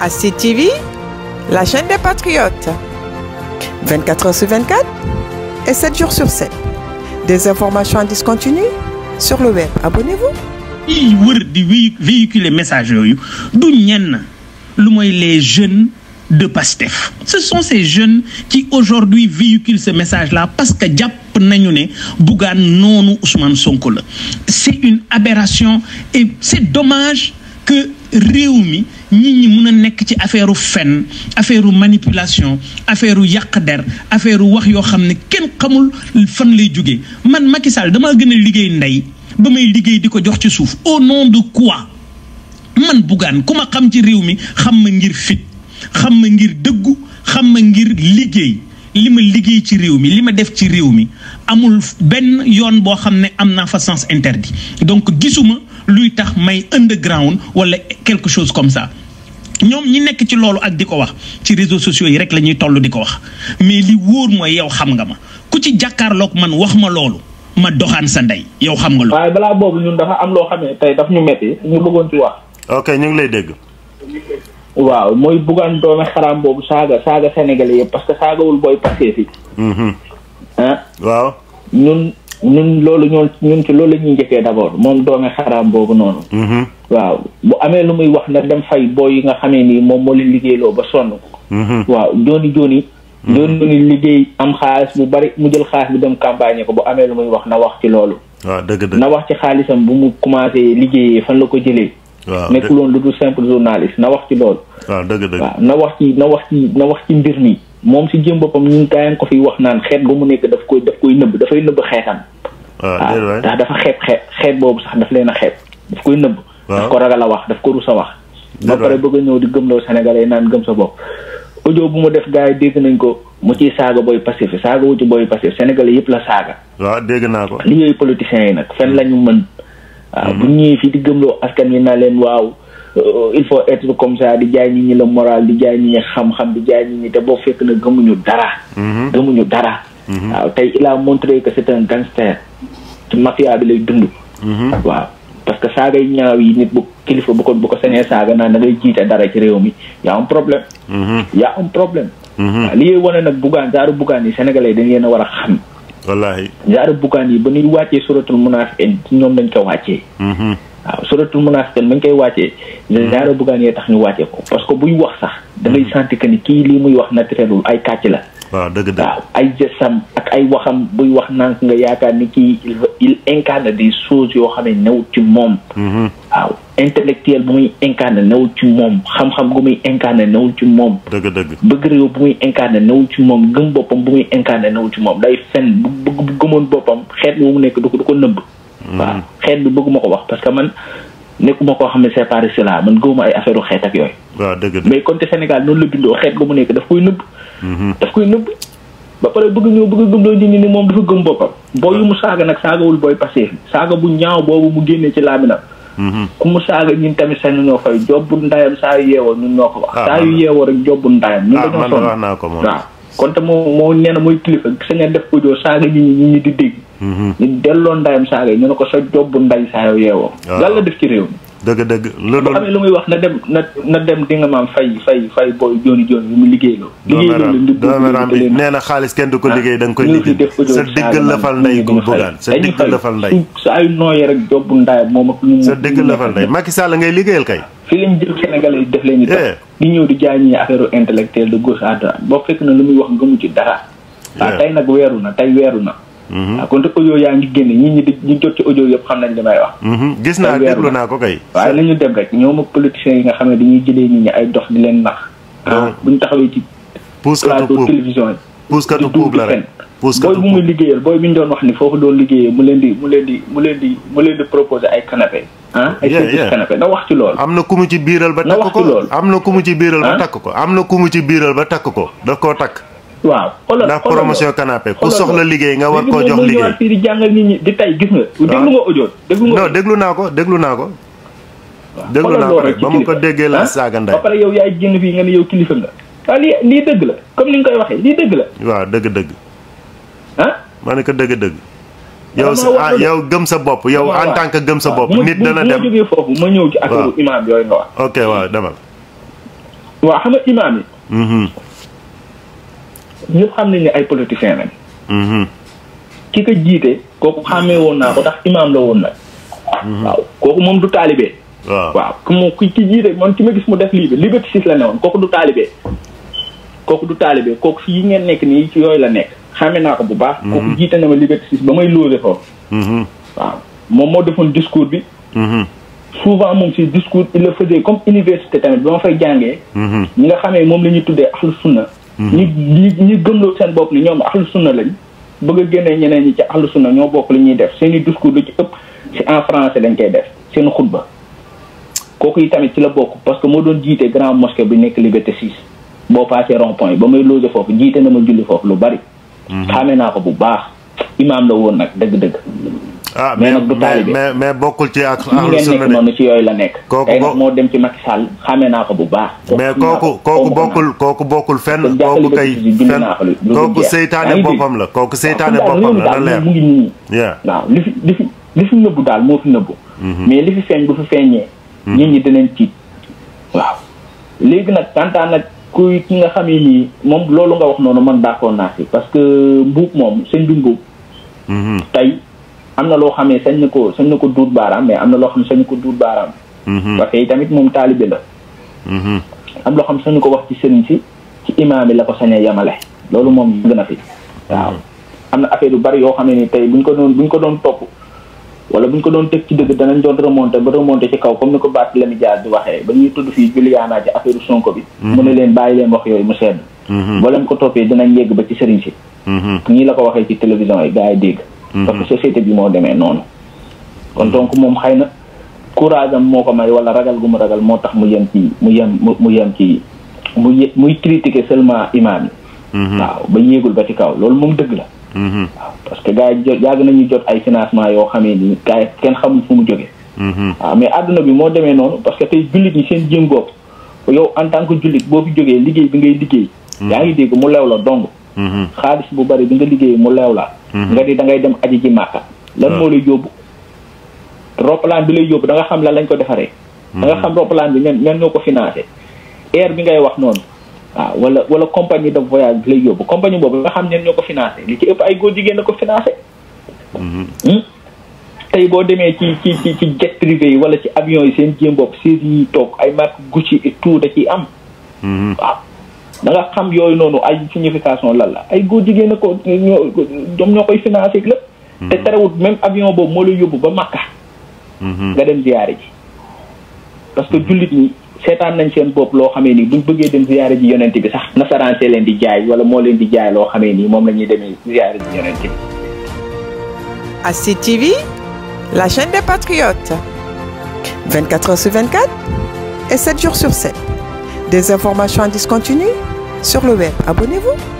à la chaîne des patriotes. 24 heures sur 24 et 7 jours sur 7. Des informations en discontinu sur le web. Abonnez-vous. yi wër di véhiculer message yooyu du ñenn lu mooy les jeunes de PASTEF ce sont ces jeunes qui aujourd'hui véhiculent ce message là parce que jàpp nañu ne Bougane noonu Ousmane Sonko la c'est une aberration et c'est dommage que réew mi nit ñi mun a nekk ci affaire fen affaire manipulation affaire yàq der affaire wax yoo xam ne kenn xamul fan lay jóge man Macky Sall damaa gën a liggéey ndey ba may liggéey di ko jox ci suuf au nom de quoi man Bougane ku ma xam ci réew mi xam ma ngir fit xam ma ngir dëggu xam ma ngir liggéey li ma liggéey ci réew mi li ma def ci réew mi amul benn yoon boo xam ne am naa fa sens interdit donc gisuma luy tax may underground wala quelque chose comme ça ñoom ñi nekk ci loolu ak di ko wax ci réseaux sociaux yi rek la ñuy toll di ko wax mais li wóor mooy yow xam nga ma ku ci jàkkaarloog man wax ma loolu ma doxaan sa ndey yow xam nga loolu. waaye balaa boobu ñun dafa am loo xam ne tey daf ñu metti ñu bëggoon ci wax. ok ñu ngi lay dégg. waaw mooy buggaan doome xaraam boobu saaga saaga sénégalais yëpp parce que saagawul booy passé fi. Mhm. ah waaw ñun. ñun loolu ñoo ñun ci loolu la ñuy njëkkee d'abord moom doome xaraam boobu noonu. Mm-hmm. waaw bu amee lu muy wax na dem fay boo yi nga xamee nii moom moo leen liggéeyloo ba sonn. Mm-hmm. waaw jooni jooni. Mm-hmm. jooni jooni liggéey am xaalis bu bari mu jël xaalis bi dem campagne ko bu amee lu muy wax na wax ci loolu. waaw dëgg dëgg na wax ci xaalisam bu mu commencé liggéeyee fan la ko jëlee. waaw nekkuloon lu dul simple journaliste na wax ci loolu. waaw dëgg dëgg wax ci na wax ci na wax ci mbir mi. moom si jëm boppam ñun gaa ko fi wax naan xeet ba mu nekk daf koy daf koy nëbb dafay nëbb xeetam. Ah, ah, waaw ndax dafa xeeb xeet xeet boobu sax daf leen a xeeb daf koy nëbb. Ah. daf ko ragal a wax daf ko rus a wax. ba pare bëgg a ñëw di gëmloo Sénégalais naan gëm sa bopp. audio bu mu def gars yi dégg nañ ko mu ciy saaga booy passif saaga wu ci booy passif sénégalais yëpp la saaga. waaw dégg naa ko. li yooyu politiciens yi nag fenn hmm. la ñu mën. waaw bu ñëwee fii di gëmloo askan naa leen waaw il faut être comme ça di jaay nit ñi la moral di jaay nit ñi xam-xam di jaay nit ñi te boo fekk na gëmuñu dara. Mhm. gëmuñu dara. Mhm. waaw tey il a montré que gangster ci mafia lay dund. Mhm. waaw parce que saagay ñaaw yi nit bu kilifa boo ko bu ko sañee saaga naan da ngay jiite dara ci réew mi y a un problème. y a problème. li ngay wane nag bugaan jaaru bugaan yi sénégalais dañ leen a war a xam. wallaahi jaaru bugaan yi ba ñuy wàccee suratul munaafiqiin ñoom dañ ko wàccee. waaw suratul munaafiqun bañ koy wàccee. genre buggaan yee tax ñu wàccee ko parce que buy wax sax. da ngay sentir que ni kii lii muy wax naturelul ay kàcc la. waaw dëgg dëgg waaw jësam ak ay waxam buy wax naan nga yaakaar ni kii il incarne des choses yoo xam ne ci moom. Mm-hmm. waaw intellectuel bu muy incarne newul ci moom xam-xam muy incarne newul ci moom. dëgg dëgg bëgg réew bu muy incarne newul ci moom gëm boppam bu muy incarne newul ci moom day fen bu bu gëmoon boppam xeet wu nekk du ko du ko nëbb. waaw hmm. xeet bi bëgguma ko wax parce que man nekkuma koo xam ne c'est par cela man gëwuma ay affaire xeet ak yooyu. waaw dëgg la mais kon te Sénégal noonu la bindoo xeet gu mu nekk daf koy nëbb. Hmm. daf koy nëbb ba pare bëgg ñëw bëgg gëm doo nit ñi ni moom dafa gëm boppam. booy yu mu saaga nag saagawul booy passé saaga bu ñaaw boobu mu génnee ci laaminam. Hmm. ku mu saaga ñun tamit sañu ñoo fay jobbu ndayam saa yu yeewoo ñun ñoo ko wax. Ah, saa yu yeewoo rek jobbu ndayam. ñun ah, dañoo kon kilifa gis nga def ko ñu delloo ndayam saaga yi ñu ne ko sa jobb nday saa yow yeewoo. lan la def ci réew mi. dëgg dëgg loolu bu amee lu muy wax na dem na na dem di nga maam fay fay fay booy jooni jooni bi mu liggéeyloo. liggéeyloo bi nee na xaalis kenn du ko ah, liggéey da nga koy liggéey sa digg lafal ndey gu bugaan sa digg lafal ndey sa ay nooyee rek jobbu ndaay moom ak ñu sa digg lafal ndey ngay liggéeyal kay fii lañ jël Sénégalais yi def leen eh. di ñëw di jaay ñi affaire intellectuelle de gauche à droite boo fekk na lu muy wax gëmu ci dara eh. waaw tey nag weeru na tey weeru na Mm-hmm. waaw kon te audio yaa ngi génn ñi ñi di ñu jot ci audio yëpp xam nañ li may wax. Mm-hmm. gis naa déglu naa ko kay. waaye la ñu dem rek ñoom ak politiciens yi nga xam ne dañuy jëlee nit ñi ay dox di leen nax. ah, ah bu ñu taxawee ci. plateau télévision yi. puuskatu puub la rek puuskatu puub booy bu muy liggéeyal booy bi ñu doon wax ni foofu doon liggéeyee mu leen di mu leen di mu leen di mu leen di proposé ay canapé. ah ay services canapé na wax ci loolu. am na ku mu ci biiral ba takk ko na wax ci loolu. am na ku mu ci biiral ba ah? takk ko am na ku mu ci biiral ba takk ko daf koo takk waaw xoolal ndax promotion canapé ku soxla liggéey nga war koo jox liggéey fii di jàngal gis nga ah. déglu nga audio déglu nga non déglu naa ko déglu naa ko déglu naa ko ba mu ko déggee la ah, saaga nday ba pare yow yaay génn fii nga ne yow kilifa ah, dëgg la waaw dëgg-dëgg ah ma ko dëgg-dëgg yow sa yow gëm sa bopp yow en tant que gëm sa bopp nit dana dem ma ñëw ci affaire imaam ok waaw demal waaw xam imaam yi mm-hmm. ñëpp xam nañ ne ay politiciens lañ. Mm-hmm. ki ko jiite kooku xàmmee woon naa ko ndax imaam la woon nag. Mm-hmm. waaw kooku moom du taalibe. waaw waaw ku mu ki jiite man ki ma gis mu def lii bi liberté six la ne woon kooku du taalibe. kooku du taalibe kooku fii yi ngeen nekk nii ci yooyu la nekk xàmme naa ko bu baax. Mm-hmm. kooku jiite na ma liberté six ba may loole foofu. waaw moom moo defoon discours bi. souvent moom si discours il fa faisait comme université tamit bi ma fay jàngee. ñi nga xamee moom la ñuy tuddee ahlu sunna Mhm. ñi ñi ñi gëmloo seen bokk ni ñoom ahlu sunna lañ bëgg a génnee ñeneen ñi ci ahlu sunna ñoo bokk li ñuy def seeni discours lu ci ëpp si en français lañ koy def seen xutba kooku yi tamit ci la bokk parce que moo doon jiite grand mosquée bi nekk Liberté 6 boo passé rond yi ba may loge foofu jiite na ma julli foofu lu bari mhm. xamee naa ko bu baax imaam la woon nag dëgg-dëgg ah mais nag du taalibe mais mais bokkul ci ak. ahlu sunna ngeen nekk ci yooyu la nekk. kooku tey moo dem ci Macky Sall xamee naa ko bu baax. mais kooku kooku bokkul kooku bokkul fenn. kooku kay fenn kooku seytaane boppam la kooku seytaane boppam la na leer mu ngi nii. waaw li fi li fi nëbbu daal moo fi nëbbu. Mhm. mais li fi feeñ bu fi feeñee. Mhm. nit ñi dinañ tiit. waaw léegi nag tantaan nag kuy ki nga xamee nii moom loolu nga wax noonu man d'accord naa si parce que mbuub moom sëñ bi mbuub. Mhm. tey. am na loo xam ne sañ na ko sañ na ko duut baaraam mais am na loo xam ne sañ na ko duut baaraam. Mm-hmm. parce que tamit moom taalibe la. Mm-hmm. am loo xam ne sañu ko wax ci sëriñ si ci bi la ko sañ a yemale. loolu moom gën fi. Mm-hmm. waaw am na affaire yu bari yoo xam ne ni tey buñ ko doon bu ñu ko doon teg ci dëgg danañ doon remonté ba remonté ci kaw comme ni ko baat la mi jaar di waxee ba ñuy tudd fii Juliana ci affaire Sonko bi. leen bàyyi wax yooyu mu sedd. boo ko toppee dinañ yegg ba ci sëriñ si. ñii la ko waxee ci télévision yi gaa yi dégg. Mhm. parce que société bi moo demee noonu. kon mhm. donc moom xëy na courage am moo ko may wala ragal gu mu ragal moo tax mu yem ci mu yem mu yem ci mu ye muy critiquer seulement imaam yi. Mhm. waaw ba yéegul ba ci kaw loolu moom dëgg la. parce que gars yi jot yàgg nañu jot ay financement yoo xamee ni gars kenn xamul fu mu jógee. waaw mais àdduna bi moo demee noonu parce que tey jullit ñi seen jëngoog yow en tant que jullit boo fi jógee liggéey bi ngay liggéey. yaa ngi dégg mu lew la dong. bu bari bi nga liggéey mu leew la. Mhm. nga ni da ngay dem aji ji màkka lan ah. moo lay yóbbu roppalaan bi lay yóbbu danga xam lan lañ ko defaree da nga mhm. xam roppalaan bi ñan ñan ñoo ko financé air bi ngay wax noonu waaw wala wala compagnie de voyage bi lay yóbbu compagnie boobu nga xam ñan ñoo ko financé li ci ëpp ay góor jigéen na ko financé mhm. hmm? tey boo demee ci ci ci ci jet privé yi wala ci avion yi seen jéem bopp siis yi toog ay marque Gucci et tout da ciy am waaw danga nga xam yooyu noonu ay signification lan la ay góor jigéen ko ñoo ñoom ñoo koy financé la hmm. te terewut même avion boobu moo la yóbbu ba Makka. Hmm. nga dem ziyaare ji. parce que hmm. jullit ñi seetaan nañ seen bopp loo xamee nii buñ bëggee dem ziyaare ji yonent bi sax nasaraan see leen di jaay wala moo leen di jaay loo xamee nii moom la ñuy demee ziyaare ji yonent bi. ASID TV la chaîne des patriotes 24 heures sur 24 et 7 jours sur 7. Des informations en discontinu Sur le web, abonnez-vous